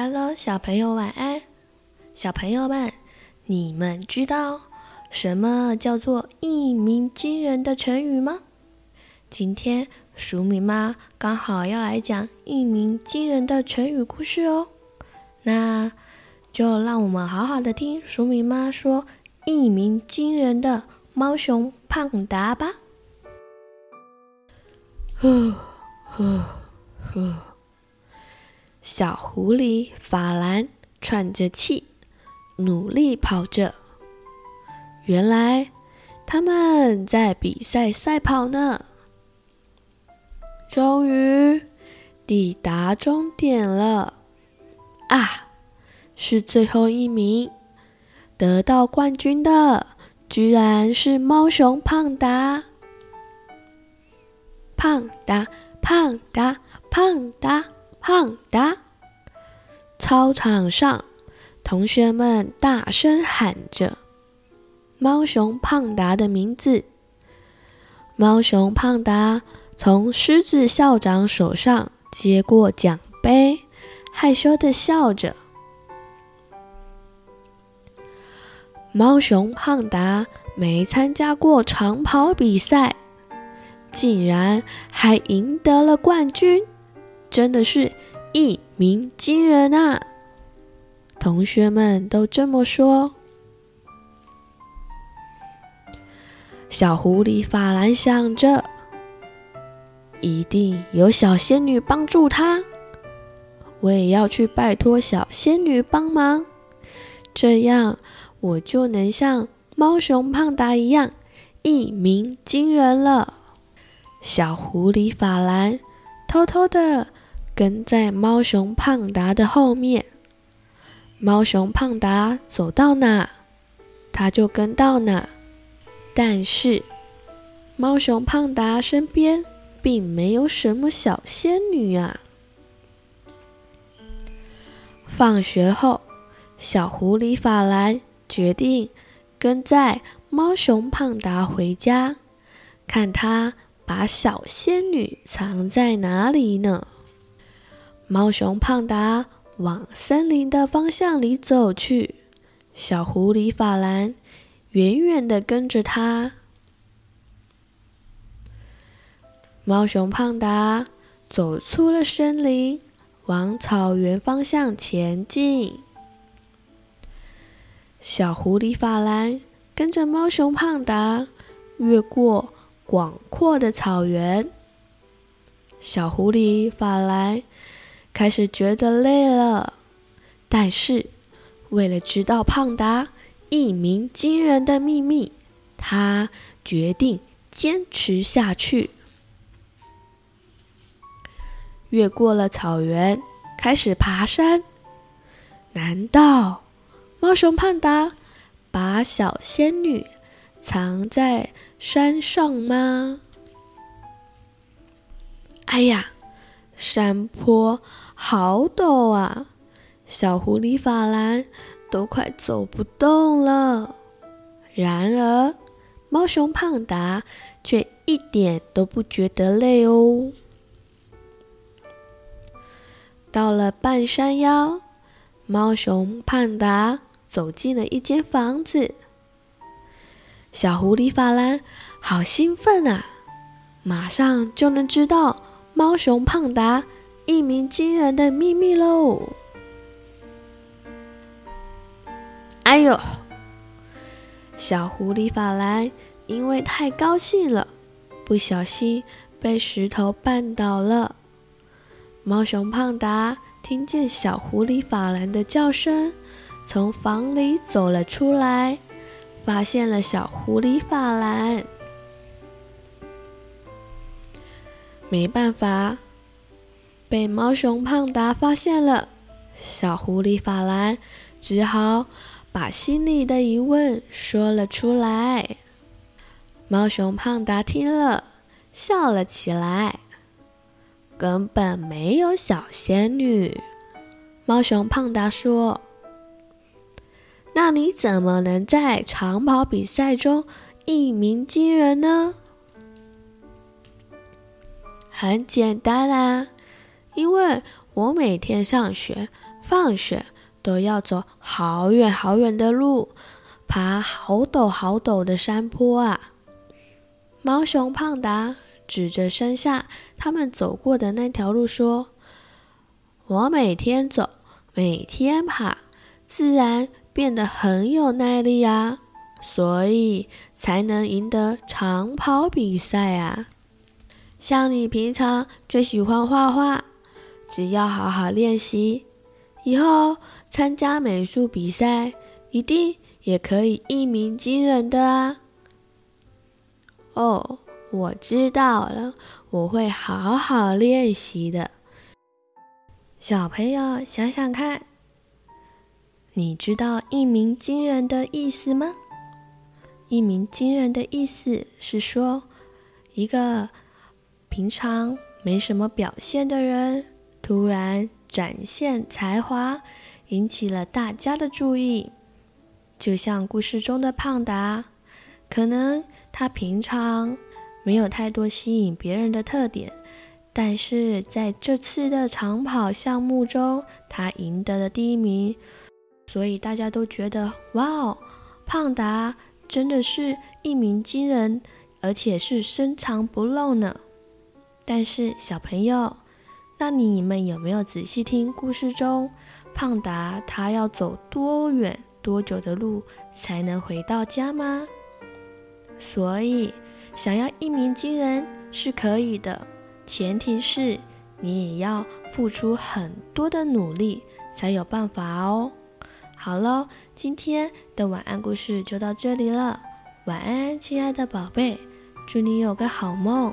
哈嘍，Hello, 小朋友晚安。小朋友們，你們知道什麼叫做一鳴驚人的成語嗎？今天黍米媽剛好要來講一鳴驚人的成語故事哦。那就讓我們好好的聽黍米媽說一鳴驚人的貓熊胖達吧。呵呵呵小狐狸法蘭喘着氣，努力跑着。原來他們在比賽賽跑呢。終於抵達終點了！啊，是最後一名，得到冠軍的居然是貓熊胖達！胖達，胖達，胖達。胖達，操場上，同學們大聲喊着“貓熊胖達”的名字。貓熊胖達從獅子校長手上接過獎盃，害羞地笑着。貓熊胖達沒參加過長跑比賽，竟然還贏得了冠軍！真的是一鳴驚人啊！同學們都這麼說。小狐狸法蘭想着，一定有小仙女幫助他，我也要去拜托小仙女幫忙，這樣我就能像貓熊胖達一樣一鳴驚人了。小狐狸法蘭偷偷偷的。跟在貓熊胖達的後面，貓熊胖達走到哪，他就跟到哪。但是，貓熊胖達身邊並沒有什麼小仙女啊。放學後，小狐狸法蘭決定跟在貓熊胖達回家，看他把小仙女藏在哪裡呢？貓熊胖達往森林的方向裡走去，小狐狸法蘭遠遠地跟着它。貓熊胖達走出了森林，往草原方向前進。小狐狸法蘭跟着貓熊胖達越過廣闊的草原。小狐狸法蘭開始覺得累了，但是為了知道胖達一鳴驚人的秘密，他決定堅持下去。越過了草原，開始爬山。難道貓熊胖達把小仙女藏在山上嗎？哎呀！山坡好陡啊！小狐狸法蘭都快走不動了。然而，貓熊胖達卻一點都不覺得累哦。到了半山腰，貓熊胖達走進了一間房子。小狐狸法蘭好興奮啊！馬上就能知道。貓熊胖達一鳴驚人的秘密嘍！哎呦，小狐狸法蘭因為太高興了，不小心被石頭絆倒了。貓熊胖達聽見小狐狸法蘭的叫聲，從房裡走了出來，發現了小狐狸法蘭。沒辦法，被貓熊胖達發現了，小狐狸法蘭只好把心裡的疑問說了出來。貓熊胖達聽了，笑了起來：“根本沒有小仙女。”貓熊胖達說：“那你怎麼能在長跑比賽中一鳴驚人呢？”很簡單啦，因為我每天上學、放學都要走好遠好遠的路，爬好陡好陡的山坡啊。貓熊胖達指着山下他們走過的那條路說：“我每天走，每天爬，自然變得很有耐力啊，所以才能贏得長跑比賽啊。”像你平常最喜歡畫畫，只要好好練習，以後參加美術比賽，一定也可以一鳴驚人的啊！哦，我知道了，我會好好練習的。小朋友，想想看，你知道“一鳴驚人”的意思嗎？“一鳴驚人”的意思是說一個。平常沒什麼表現的人，突然展現才華，引起了大家的注意。就像故事中的胖達，可能他平常沒有太多吸引別人的特點，但是在這次的長跑項目中，他贏得了第一名，所以大家都覺得哇哦，胖達真的是一鳴驚人，而且是深藏不露呢。但是小朋友，那你你們有沒有仔細聽故事中胖達他要走多遠、多久的路才能回到家嗎？所以想要一鳴驚人是可以的，前提是你也要付出很多的努力才有辦法哦。好嘍，今天的晚安故事就到這裡了，晚安，親愛的寶貝，祝你有個好夢。